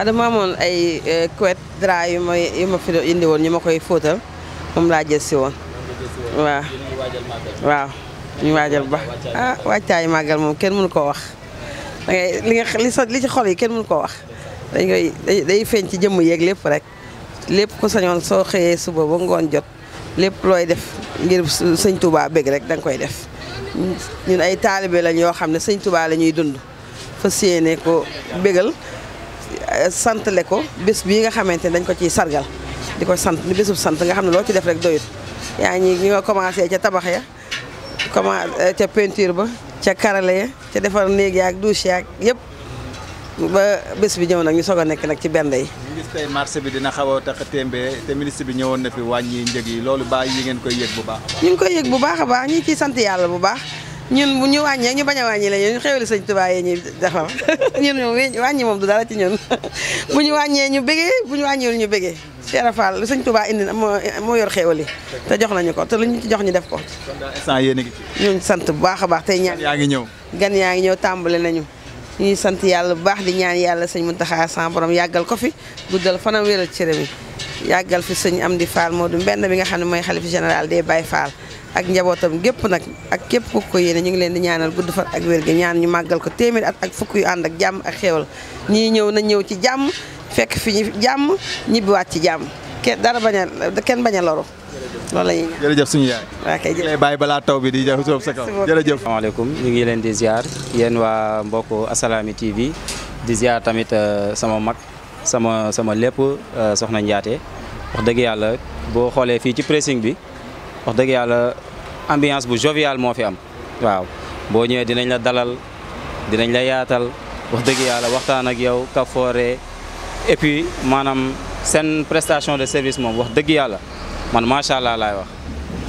waaw ah, dama ay eh, couette drap yu ma yu ma koy fóotal moom laa jël si woon waaw ñu waajal ba ah waajtaay moom kenn mënu koo wax li nga li sa li ci xol kenn mënu koo wax dañ koy day feeñ ci jëmm yeeg lépp rek lépp ku sañoon soo xëyee suba ngoon jot lépp looy def ngir sëñ Touba rek da koy def ñun ay taalibe lañ yoo xam ne sëñ Touba la dund fas yéene ko bégal Euh, santale ko bés bii nga xamante ne dañ ko ciy sargal di ko sant di bésub sant nga xam ne loo ci def rek doyut yaa ñi ñi nga commencé ca tabax ya commencé euh, ca peinture ba ca karale ya ca defar néeg yaak douche yaak yëpp ba bés bi ñëw nag ñu soog a nekk nag ci benn yi ñu gis tey bi dina xaw a tax a te ministre bi ñëwoon na fi wàññi njëg yi loolu baax yi ngeen koy yëg bu baax a baax ñi ciy sant yàlla bu baax ñun bu ñu wàññee ñu bañ a wàññi la ñu xéwali sëñ Tuubaa yi ñuy defal ñun ñu wàññi moom du dara ci ñun bu ñu wàññee ñu bégee bu ñu wàññiwul ñu bégee Cheikh Fall lu sëñ Tuubaa indi moo yor xéwali te jox nañu ko te lu ñu jox ñu def ko ñun sant bu baax a baax tey ñaan yaa ngi ñëw gan yaa ngi ñëw tàmbale nañu ñuy sant yàlla bu baax di ñaan yàlla sëñ Muntaxa sa borom yàggal kofi fi guddal fanam wéral cëré mi yàggal fi am di Fall moo du benn bi nga xam ne mooy xalifa général des Baye faal ak njabootam gépp nag ak képp ku ko yéene ñu ngi leen di ñaanal gudd fan ak wér gi ñaan ñu màggal ko téeméer at fukk yu ànd ak jàmm ak xéewal ñii ñëw na ñëw ci jàmm fekk fi ñu jàmm ñibbiwaat ci jàmm kenn dara bañ a kenn bañ a loolu la ñuy ñaan jërëjëf suñu yaay waa kay balaa taw bi di jafe soob sa kaw jërëjëf asalaamaaleykum ñu ngi leen di ziar yéen waa mbokk Assalaamy TV di ziar tamit euh, sama mag sama sama lépp euh, soxna Ndiaté wax dëgg yàlla boo xoolee fii ci pressing bi wax dëgg yàlla ambiance bu jovial moo fi am waaw boo ñëwee dinañ la dalal dinañ la yaatal wax dëgg yàlla waxtaan ak yow kafoore et puis maanaam seen prestation de service moom wax dëgg yàlla man macha allah laay wax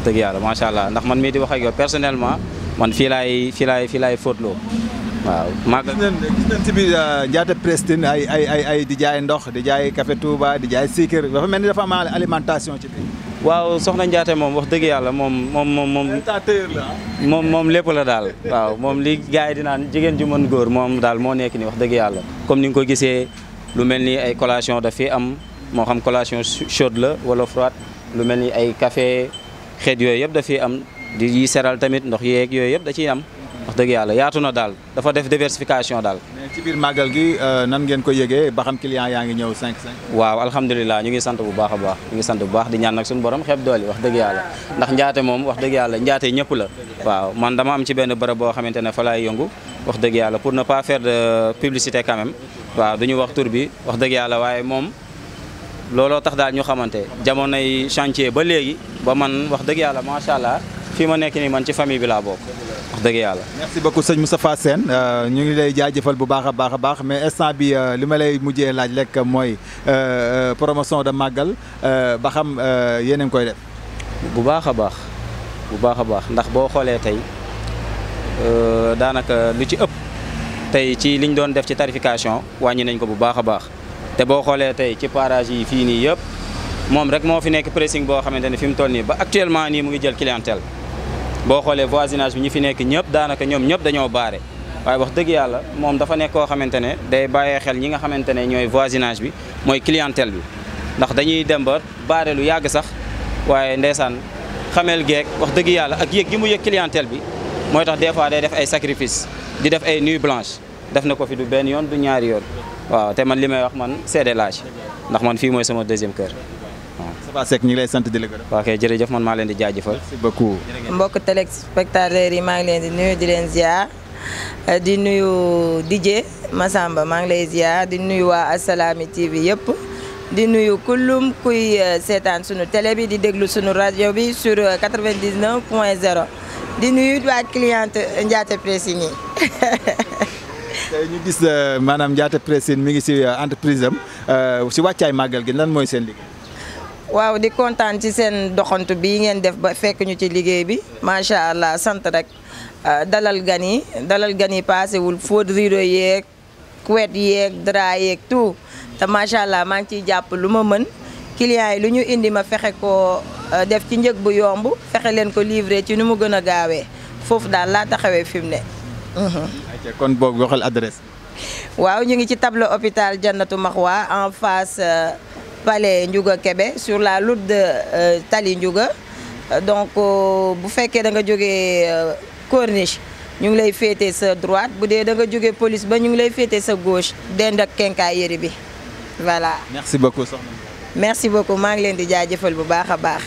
dëgg yàlla macha allah ndax man mii di wax ak yow personnellement man fii laay fii waaw màggal gis nañ gis nañ euh, ay ay ay ay di jaay ndox di jaay café Touba di jaay siikër dafa mel ni dafa am alimentation ci waaw soxna Ndiatta moom wax dëgg yàlla moom moom moom moom ah. moom moom lépp la daal waaw moom li gars yi di naan jigéen ju mën góor moom daal moo nekk ni wax dëgg yàlla comme ni ko gisee lu mel ni ay collation dafay am moo xam collation chaude la wala froide lu mel ni ay kafe xeet yooyu yëpp daf fi am di seral tamit ndox yeeg yooyu yëpp da ciy am wax dëgg yàlla yaatu na daal dafa def diversification daal. mais ci biir màggal gi euh, nan ngeen ko yëgee ba xam client yaa ngi ñëw 5 5. waaw alhamdulilah ñu ngi sant bu baax a baax ñu ngi sant bu baax di ñaan nag suñu borom xeeb doole wax dëgg yàlla ndax njaate moom wax dëgg yàlla njaate ñëpp la. waaw man dama am ci benn bërëb boo xamante ne fa laay yëngu wax dëgg yàlla pour ne pas faire de publicité quand même waaw du wax tur bi wax dëgg yàlla waaye moom. looloo tax daal ñu xamante jamonoy chantier ba léegi ba man wax dëgg yàlla macha allah fii ma nekk nii man ci famille bi laa bokk. dëgg yàlla. merci beaucoup sëñ Moustapha Sène euh, ñu ngi lay jaajëfal bu baax a baax a baax mais instant bi euh, li ma lay mujjee laaj lekk mooy euh, promotion de màggal ba xam yéen a ngi koy def. bu baax a baax bu baax a baax ndax boo xoolee tey daanaka lu ci ëpp tey ci liñ doon def ci tarification wàññi nañ ko bu baax a baax te boo xoolee tey ci parages yi fii nii yëpp moom rek moo fi nekk pressing boo xamante ne fi mu toll nii ba actuellement nii mu ngi jël clientèle. boo xoolee voisinage bi ñi fi nekk ñëpp daanaka ñoom ñëpp dañoo baare waaye wax dëgg yàlla moom dafa nekk koo xamante ne day bàyyee xel ñi nga xamante ne ñooy voisinage bi mooy clientèle bi ndax dañuy dem ba baare lu yàgg sax waaye ndeysaan xameel geek wax dëgg yàlla ak yëg gi mu yëg clientèle bi mooy tax des fois day def ay sacrifice di def ay nuit blanche def na ko fi du benn yoon du ñaari yoon waaw te man li may wax man seede laa ndax man fii mooy sama deuxième kër Moustapha Seck ñu ngi lay sant di la gërëm. waaw kay jërëjëf maa leen di jaajëfal. merci beaucoup. mbokk téléspectateurs yi maa ngi leen di nuyu di leen ziar euh, di nuyu DJ Massamba maa ngi lay ziar di nuyu waa Assalaamy TV yëpp. di nuyu kullum kuy euh, seetaan sunu télé bi di déglu sunu rajo bi sur 99 euh, point 0 di nuyu waa cliente Ndiathé Pressing yi. tey ñu maanaam Ndiathé Pressing mi ngi ci entreprise am ci wàccaay màggal gi lan mooy seen liggéey. waaw di kontaan ci seen doxantu bi ngeen def ba fekk ñu ci liggéey bi macha allah sant rek euh, dalal gan dalal gan yi paasewul fóot rido yeeg couette yeeg drap yeeg tout te macha allah maa ngi ciy jàpp lu ma mën clients yi lu ñu indi ma fexe ko euh, def ci njëg bu yomb fexe leen ko livrer ci nu mu gën a gaawee foofu daal laa taxawee fi mu ne. Mhm. ayca kon waaw ñu ngi ci tableau hôpital Jannatu Maxwa en face. Euh, palais Ndiouga kebe sur la lout de euh, Tali Ndiouga euh, donc euh, bu fekkee da nga jógee corniche ñu ngi lay féete sa droite bu dee da jóge jógee police ba ñu ngi lay féete sa gauche dend ak kenkaay yëri bi voilà. merci beaucoup soxna merci beaucoup maa ngi leen di jëfal bu baax a baax.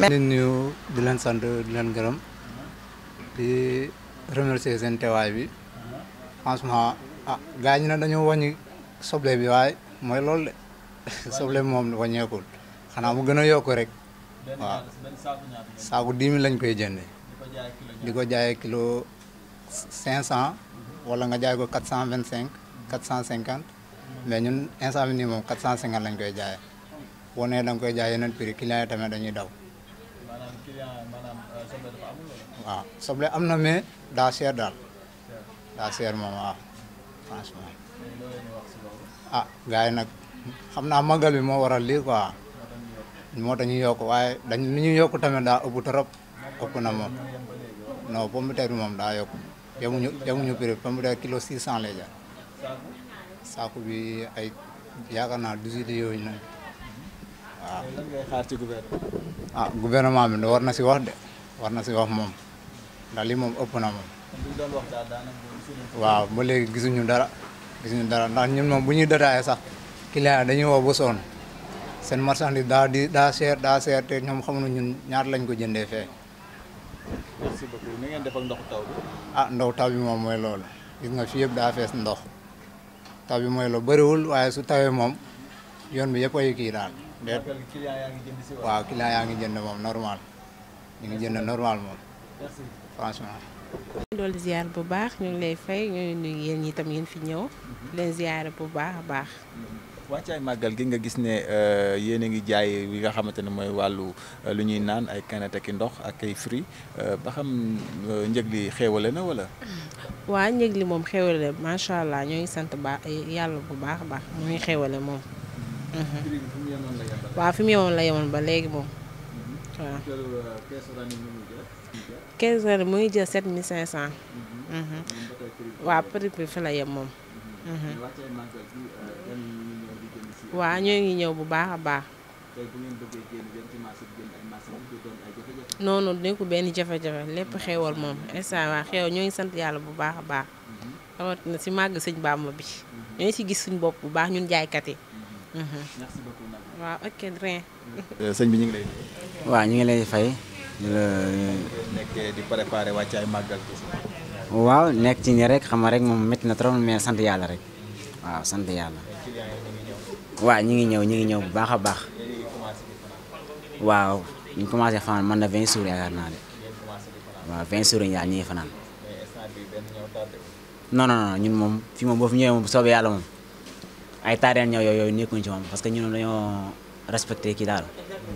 leen nuyu di leen sant di leen gërëm di remercier seen teewaay bi franchement ah gars ñi soble bi waaye mooy loolu de. soble moom wàññeekul xanaa mu gën a yokk rek waaw saaku dix mille lañ koy jëndee di ko jaayee kilo cinq cent walla nga jaay ko quatre cent vingt cinq quatre cent cinquante mais ñun instant bi nii moom lañ koy jaayee boo nee da nga koy jaay yeneen prix client yi tamit dañuy daw euh, waaw soble am na mais daa seer daal daa moom waaw franchement ah, nag xam naa màggal bi moo waral lii quoi moo tax ñu yokk waaye dañ li ñu yokk tamit daa ëpp trop ëpp na moom non pomme bi moom daa yokk yemuñu yemuñu prix pomme de terre kilo six cent lay jar bi ay yaakaar naa dix-huit yooyu nag waaw. a ngay bi ci ah, war na si wax de war na si wax moom ndax lii moom ëpp na moom. waaw ba léegi gisuñu dara gisuñu dara ndax ñun moom bu ñuy détaillé sax. client dañuy woo ba sonn seen marchandise daa di daa seer daa seer te ñoom na ñun ñaar lañ ko jëndee fee. merci beaucoup ni ngeen taw bi. ah ndox taw bi moom mooy loolu gis nga fii yëpp daa fees ndox taw bi mooy loolu bëriwul waaye su tawee moom yoon bi yëpp ay kii daal. déet yaa ngi jënd si waaw client ngi jënd moom normal ñu ngi jënd normal moom. franchement. dool ziar bu baax ñu lay fay ñu ngi nuyu tam yéen fi ñëw mm-hmm. leen ziar bu baax a baax. wàccaay màggal gi nga gis ne euh, yéen ngi jaay yi nga xamante ne mooy wàllu euh, lu ñuy naan ay canette ki ndox ak ay fruits euh, ba xam njëg li xéewale na wala. waa njëg li moom xéewale macha allah ñoo ngi sant baax yàlla bu baax baax mu ngi xéewale moom. waaw fi yemoon la yemoon ba léegi moom. Mm-hmm. waaw. 15 mu ngi jël 7500. waaw mm-hmm. mm-hmm. prix bi fi la yem moom. waaw ñoo ngi ñëw bu baax a baax. tey bu ngeen noonu nekkul benn jafe-jafe lépp xéewal moom instant waa xéew ñoo ngi sant yàlla bu baax a baax. Mhm. rawatina si màgg sëñ Bàmba bi. Mhm. ñoo ngi si gis suñ bopp bu baax ñun jaaykat yi. Mhm. merci beaucoup Nabou. ok rien. Euh, sëñ bi ñu ngi lay. waaw ñu fay. ñu la nekkee di préparer wàcc ay màggal. waaw nekk ci nii rek xam nga rek moom métti na trop mais sant yàlla rek. waaw sant yàlla waaw ñi ngi ñëw ñi ngi ñëw bu baax a baax waaw ñu commencé fanaan man na vingt jours yaakaar naa de waaw vingt jours yi daal fanaan non non ñun moom fii moom boo fi ñëwee moom soobee yàlla moom ay taareel ñëw yooyu yooyu nekkuñ ci moom parce que ñun dañoo respecté kii daal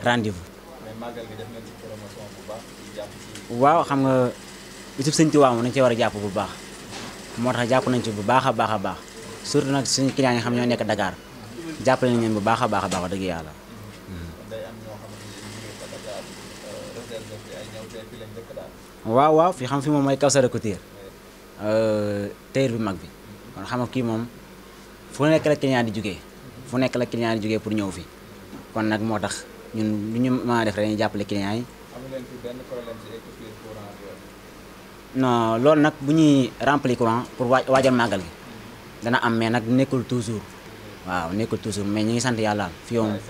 rendez waaw xam nga bisub sëñ Tuubaa moom dañ ci war a jàpp bu baax moo tax jàpp nañ ci bu baax a baax a baax surtout nag suñu client yi xam ñoo nekk Dakar jàppale na leen bu baax a baax a baax dëgg yàlla. waaw waaw fi xam fi moom mooy Kawsara Couture euh, téer bi mag bi kon xam nga kii moom fu nekk la client di jógee fu nekk la client di jóge pour ñëw fi kon nag moo tax ñun lu ñu mën a def rek dañuy jàppale client non loolu nag bu ñuy remplir courant pour waajal màggal gi. dana am mais nag nekkul toujours waaw nekkul toujours mais ñi ngi sant yàlla fi